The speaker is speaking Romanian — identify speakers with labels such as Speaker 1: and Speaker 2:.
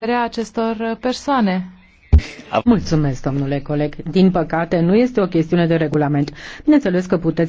Speaker 1: puterea acestor persoane.
Speaker 2: Mulțumesc, domnule coleg. Din păcate, nu este o chestiune de regulament. Bineînțeles că puteți